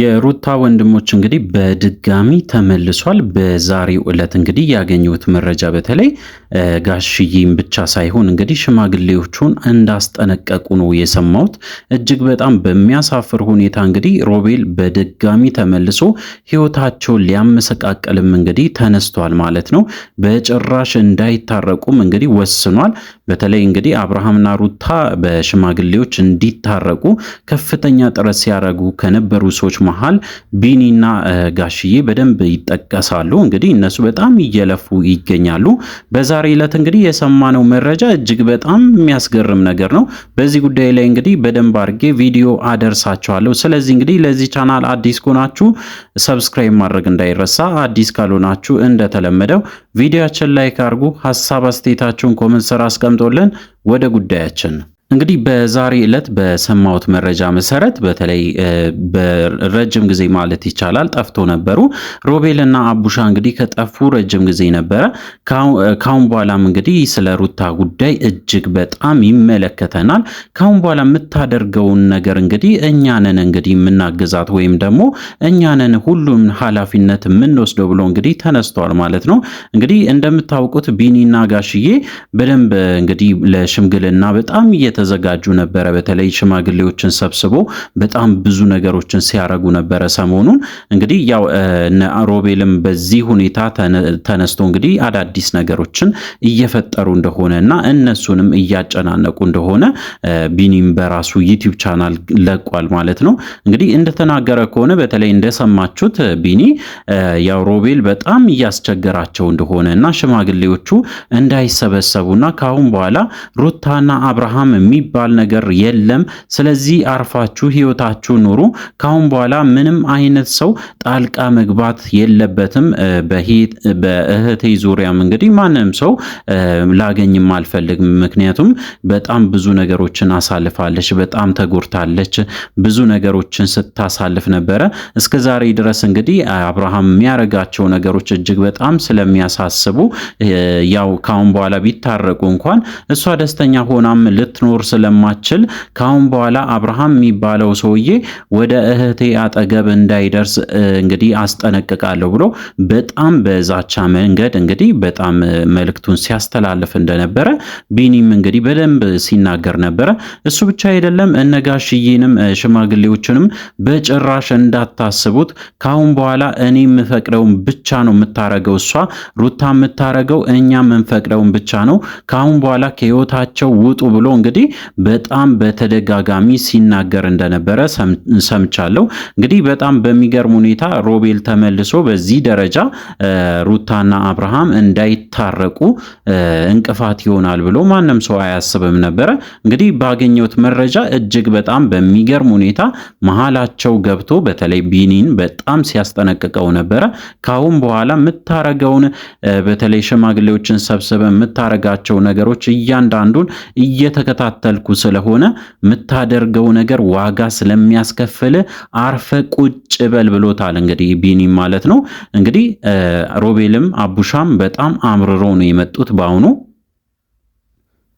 የሩታ ወንድሞች እንግዲህ በድጋሚ ተመልሷል። በዛሬው ዕለት እንግዲህ ያገኘሁት መረጃ በተለይ ጋሽዬም ብቻ ሳይሆን እንግዲህ ሽማግሌዎቹን እንዳስጠነቀቁ ነው የሰማሁት። እጅግ በጣም በሚያሳፍር ሁኔታ እንግዲህ ሮቤል በድጋሚ ተመልሶ ህይወታቸውን ሊያመሰቃቀልም እንግዲህ ተነስቷል ማለት ነው። በጭራሽ እንዳይታረቁም እንግዲህ ወስኗል። በተለይ እንግዲህ አብርሃምና ሩታ በሽማግሌዎች እንዲታረቁ ከፍተኛ ጥረት ሲያደርጉ ከነበሩ ሰዎች መሃል ቢኒና ጋሽዬ በደንብ ይጠቀሳሉ። እንግዲህ እነሱ በጣም እየለፉ ይገኛሉ በዛ በዛሬ ዕለት እንግዲህ የሰማነው መረጃ እጅግ በጣም የሚያስገርም ነገር ነው። በዚህ ጉዳይ ላይ እንግዲህ በደንብ አድርጌ ቪዲዮ አደርሳችኋለሁ። ስለዚህ እንግዲህ ለዚህ ቻናል አዲስ ከሆናችሁ ሰብስክራይብ ማድረግ እንዳይረሳ፣ አዲስ ካልሆናችሁ እንደተለመደው ቪዲዮችን ላይክ አድርጉ፣ ሀሳብ አስተያየታችሁን ኮመንት ስራ አስቀምጦልን ወደ ጉዳያችን እንግዲህ በዛሬ ዕለት በሰማሁት መረጃ መሰረት በተለይ በረጅም ጊዜ ማለት ይቻላል ጠፍቶ ነበሩ ሮቤልና አቡሻ እንግዲህ ከጠፉ ረጅም ጊዜ ነበረ። ካሁን በኋላም እንግዲህ ስለ ሩታ ጉዳይ እጅግ በጣም ይመለከተናል። ካሁን በኋላ የምታደርገውን ነገር እንግዲህ እኛንን እንግዲህ የምናግዛት ወይም ደግሞ እኛንን ሁሉም ኃላፊነት የምንወስደው ብሎ እንግዲህ ተነስቷል ማለት ነው። እንግዲህ እንደምታውቁት ቢኒና ጋሽዬ በደንብ እንግዲህ ለሽምግልና በጣም እየተ እየተዘጋጁ ነበረ። በተለይ ሽማግሌዎችን ሰብስቦ በጣም ብዙ ነገሮችን ሲያረጉ ነበረ ሰሞኑን። እንግዲህ ያው ሮቤልም በዚህ ሁኔታ ተነስቶ እንግዲህ አዳዲስ ነገሮችን እየፈጠሩ እንደሆነ እና እነሱንም እያጨናነቁ እንደሆነ ቢኒም በራሱ ዩቲዩብ ቻናል ለቋል ማለት ነው። እንግዲህ እንደተናገረ ከሆነ በተለይ እንደሰማችሁት ቢኒ ያው ሮቤል በጣም እያስቸገራቸው እንደሆነ እና ሽማግሌዎቹ እንዳይሰበሰቡና ከአሁን በኋላ ሩታና አብርሃም የሚባል ነገር የለም። ስለዚህ አርፋችሁ ህይወታችሁ ኑሩ። ካሁን በኋላ ምንም አይነት ሰው ጣልቃ መግባት የለበትም። በእህቴ ዙሪያም እንግዲህ ማንም ሰው ላገኝም አልፈልግም። ምክንያቱም በጣም ብዙ ነገሮችን አሳልፋለች፣ በጣም ተጎድታለች። ብዙ ነገሮችን ስታሳልፍ ነበረ እስከ ዛሬ ድረስ እንግዲህ አብርሃም የሚያረጋቸው ነገሮች እጅግ በጣም ስለሚያሳስቡ ያው ካሁን በኋላ ቢታረቁ እንኳን እሷ ደስተኛ ሆናም ልትኖር መኖር ስለማችል ካሁን በኋላ አብርሃም የሚባለው ሰውዬ ወደ እህቴ አጠገብ እንዳይደርስ እንግዲህ አስጠነቅቃለሁ ብሎ በጣም በዛቻ መንገድ እንግዲህ በጣም መልእክቱን ሲያስተላልፍ እንደነበረ ቢኒም እንግዲህ በደንብ ሲናገር ነበረ። እሱ ብቻ አይደለም እነጋሽዬንም ሽማግሌዎችንም በጭራሽ እንዳታስቡት ካሁን በኋላ እኔ የምፈቅደውን ብቻ ነው የምታረገው፣ እሷ ሩታ የምታረገው እኛ የምንፈቅደውን ብቻ ነው፣ ካሁን በኋላ ከህይወታቸው ውጡ ብሎ እንግዲህ እንግዲህ በጣም በተደጋጋሚ ሲናገር እንደነበረ ሰምቻለሁ። እንግዲህ በጣም በሚገርም ሁኔታ ሮቤል ተመልሶ በዚህ ደረጃ ሩታና አብርሃም እንዳይታረቁ እንቅፋት ይሆናል ብሎ ማንም ሰው አያስብም ነበረ። እንግዲህ ባገኘሁት መረጃ እጅግ በጣም በሚገርም ሁኔታ መሀላቸው ገብቶ በተለይ ቢኒን በጣም ሲያስጠነቅቀው ነበረ። ካሁን በኋላ የምታረገውን በተለይ ሽማግሌዎችን ሰብስበ የምታረጋቸው ነገሮች እያንዳንዱን እየተከታተ እየተከታተልኩ ስለሆነ የምታደርገው ነገር ዋጋ ስለሚያስከፍል አርፈ ቁጭ በል ብሎታል። እንግዲህ ቢኒ ማለት ነው። እንግዲህ ሮቤልም አቡሻም በጣም አምርሮ ነው የመጡት በአሁኑ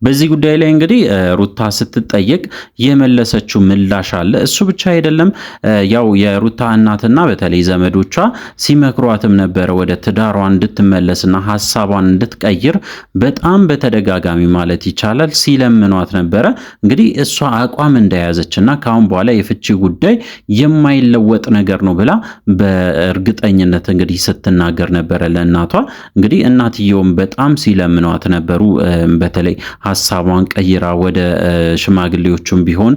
በዚህ ጉዳይ ላይ እንግዲህ ሩታ ስትጠየቅ የመለሰችው ምላሽ አለ። እሱ ብቻ አይደለም፣ ያው የሩታ እናትና በተለይ ዘመዶቿ ሲመክሯትም ነበረ ወደ ትዳሯ እንድትመለስና ሀሳቧን እንድትቀይር በጣም በተደጋጋሚ ማለት ይቻላል ሲለምኗት ነበረ። እንግዲህ እሷ አቋም እንደያዘችና ከአሁን በኋላ የፍቺ ጉዳይ የማይለወጥ ነገር ነው ብላ በእርግጠኝነት እንግዲህ ስትናገር ነበረ ለእናቷ። እንግዲህ እናትየውም በጣም ሲለምኗት ነበሩ በተለይ ሀሳቧን ቀይራ ወደ ሽማግሌዎቹም ቢሆን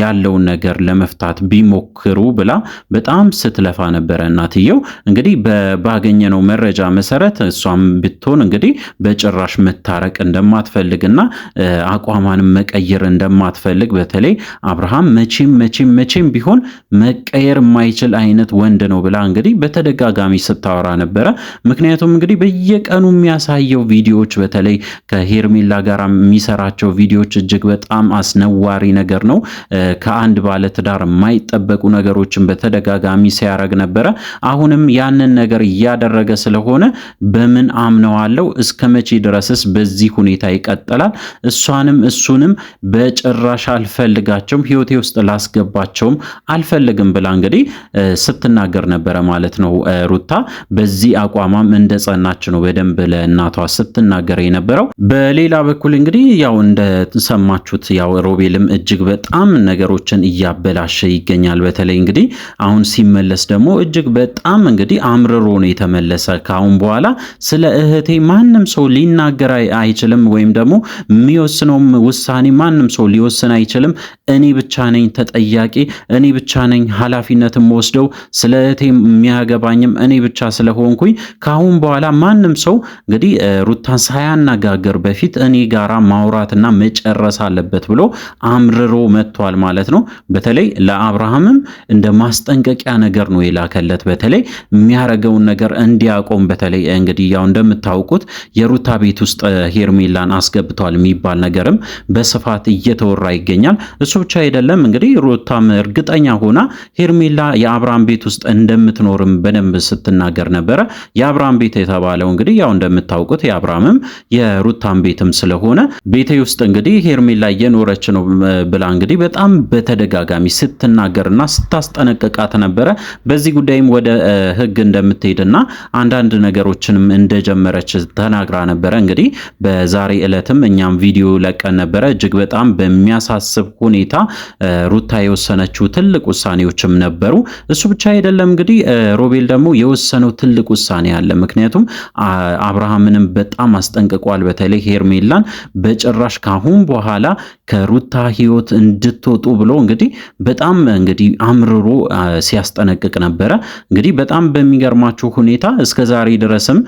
ያለውን ነገር ለመፍታት ቢሞክሩ ብላ በጣም ስትለፋ ነበረ እናትየው። እንግዲህ ባገኘነው መረጃ መሰረት እሷም ብትሆን እንግዲህ በጭራሽ መታረቅ እንደማትፈልግና አቋማንም መቀየር እንደማትፈልግ በተለይ አብርሃም መቼም መቼም መቼም ቢሆን መቀየር የማይችል አይነት ወንድ ነው ብላ እንግዲህ በተደጋጋሚ ስታወራ ነበረ። ምክንያቱም እንግዲህ በየቀኑ የሚያሳየው ቪዲዮዎች በተለይ ከሄርሜላ ጋር ጋር የሚሰራቸው ቪዲዮዎች እጅግ በጣም አስነዋሪ ነገር ነው። ከአንድ ባለትዳር የማይጠበቁ ነገሮችን በተደጋጋሚ ሲያደርግ ነበረ። አሁንም ያንን ነገር እያደረገ ስለሆነ በምን አምነዋለው? እስከ መቼ ድረስስ በዚህ ሁኔታ ይቀጥላል? እሷንም እሱንም በጭራሽ አልፈልጋቸውም፣ ህይወቴ ውስጥ ላስገባቸውም አልፈልግም ብላ እንግዲህ ስትናገር ነበረ ማለት ነው። ሩታ በዚህ አቋማም እንደጸናች ነው በደንብ ለእናቷ ስትናገር የነበረው። በሌላ በኩል እንግዲህ ያው እንደሰማችሁት ያው ሮቤልም እጅግ በጣም ነገሮችን እያበላሸ ይገኛል። በተለይ እንግዲህ አሁን ሲመለስ ደግሞ እጅግ በጣም እንግዲህ አምርሮ ነው የተመለሰ። ከአሁን በኋላ ስለ እህቴ ማንም ሰው ሊናገር አይችልም፣ ወይም ደግሞ የሚወስነውም ውሳኔ ማንም ሰው ሊወስን አይችልም። እኔ ብቻ ነኝ ተጠያቂ፣ እኔ ብቻ ነኝ ኃላፊነትም ወስደው ስለ እህቴ የሚያገባኝም እኔ ብቻ ስለሆንኩኝ ከአሁን በኋላ ማንም ሰው እንግዲህ ሩታን ሳያናጋገር በፊት እኔ ጋራ ማውራትና መጨረስ አለበት ብሎ አምርሮ መጥቷል ማለት ነው። በተለይ ለአብርሃምም እንደ ማስጠንቀቂያ ነገር ነው የላከለት። በተለይ የሚያረገውን ነገር እንዲያቆም። በተለይ እንግዲህ ያው እንደምታውቁት የሩታ ቤት ውስጥ ሄርሜላን አስገብቷል የሚባል ነገርም በስፋት እየተወራ ይገኛል። እሱ ብቻ አይደለም እንግዲህ ሩታም እርግጠኛ ሆና ሄርሜላ የአብርሃም ቤት ውስጥ እንደምትኖርም በደንብ ስትናገር ነበረ። የአብርሃም ቤት የተባለው እንግዲህ ያው እንደምታውቁት የአብርሃምም የሩታም ቤትም ስለ ስለሆነ ቤቴ ውስጥ እንግዲህ ሄርሜላ እየኖረች ነው ብላ እንግዲህ በጣም በተደጋጋሚ ስትናገርና ስታስጠነቅቃት ነበረ። በዚህ ጉዳይም ወደ ህግ እንደምትሄድና አንዳንድ ነገሮችንም እንደጀመረች ተናግራ ነበረ። እንግዲህ በዛሬ ዕለትም እኛም ቪዲዮ ለቀን ነበረ። እጅግ በጣም በሚያሳስብ ሁኔታ ሩታ የወሰነችው ትልቅ ውሳኔዎችም ነበሩ። እሱ ብቻ አይደለም እንግዲህ ሮቤል ደግሞ የወሰነው ትልቅ ውሳኔ አለ። ምክንያቱም አብርሃምንም በጣም አስጠንቅቋል። በተለይ ሄርሜላን በጭራሽ ካሁን በኋላ ከሩታ ህይወት እንድትወጡ ብሎ እንግዲህ በጣም እንግዲህ አምርሮ ሲያስጠነቅቅ ነበረ። እንግዲህ በጣም በሚገርማችሁ ሁኔታ እስከ ዛሬ ድረስም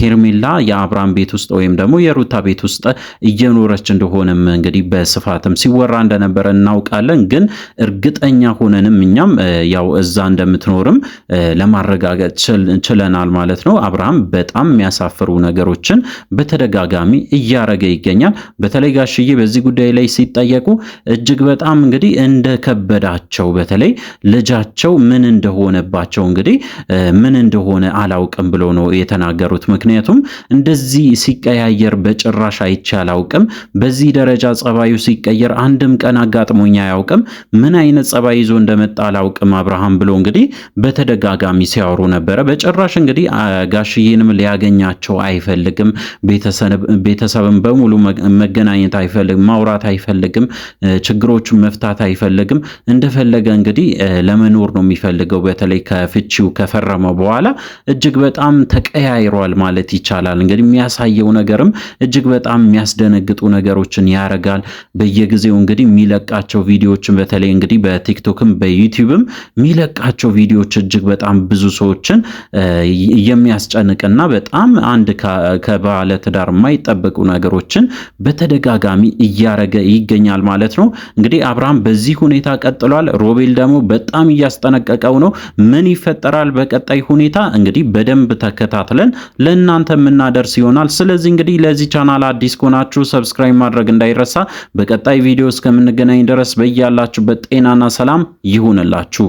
ሄርሜላ የአብርሃም ቤት ውስጥ ወይም ደግሞ የሩታ ቤት ውስጥ እየኖረች እንደሆነም እንግዲህ በስፋትም ሲወራ እንደነበረ እናውቃለን። ግን እርግጠኛ ሆነንም እኛም ያው እዛ እንደምትኖርም ለማረጋገጥ ችለናል ማለት ነው። አብርሃም በጣም የሚያሳፍሩ ነገሮችን በተደጋጋሚ እያረገ ይገኛል። በተለይ ጋሽዬ በዚህ ጉዳይ ላይ ሲጠየቁ እጅግ በጣም እንግዲህ እንደከበዳቸው በተለይ ልጃቸው ምን እንደሆነባቸው እንግዲህ ምን እንደሆነ አላውቅም ብሎ ነው የተናገሩት። ምክንያቱም እንደዚህ ሲቀያየር በጭራሽ አይቼ አላውቅም። በዚህ ደረጃ ጸባዩ ሲቀየር አንድም ቀን አጋጥሞኝ አያውቅም። ምን አይነት ጸባይ ይዞ እንደመጣ አላውቅም አብርሃም ብሎ እንግዲህ በተደጋጋሚ ሲያወሩ ነበረ። በጭራሽ እንግዲህ ጋሽዬንም ሊያገኛቸው አይፈልግም። ቤተሰብም በሙሉ ሙሉ መገናኘት አይፈልግም፣ ማውራት አይፈልግም፣ ችግሮቹን መፍታት አይፈልግም። እንደፈለገ እንግዲህ ለመኖር ነው የሚፈልገው። በተለይ ከፍቺው ከፈረመ በኋላ እጅግ በጣም ተቀያይሯል ማለት ይቻላል። እንግዲህ የሚያሳየው ነገርም እጅግ በጣም የሚያስደነግጡ ነገሮችን ያረጋል። በየጊዜው እንግዲህ የሚለቃቸው ቪዲዮዎችን በተለይ እንግዲህ በቲክቶክም በዩቲዩብም የሚለቃቸው ቪዲዮዎች እጅግ በጣም ብዙ ሰዎችን የሚያስጨንቅና በጣም አንድ ከባለ ትዳር የማይጠበቁ ነገሮች ነገሮችን በተደጋጋሚ እያረገ ይገኛል ማለት ነው። እንግዲህ አብርሃም በዚህ ሁኔታ ቀጥሏል። ሮቤል ደግሞ በጣም እያስጠነቀቀው ነው። ምን ይፈጠራል በቀጣይ ሁኔታ እንግዲህ በደንብ ተከታትለን ለእናንተ የምናደርስ ይሆናል። ስለዚህ እንግዲህ ለዚህ ቻናል አዲስ ከሆናችሁ ሰብስክራይብ ማድረግ እንዳይረሳ። በቀጣይ ቪዲዮ እስከምንገናኝ ድረስ በያላችሁበት ጤናና ሰላም ይሁንላችሁ።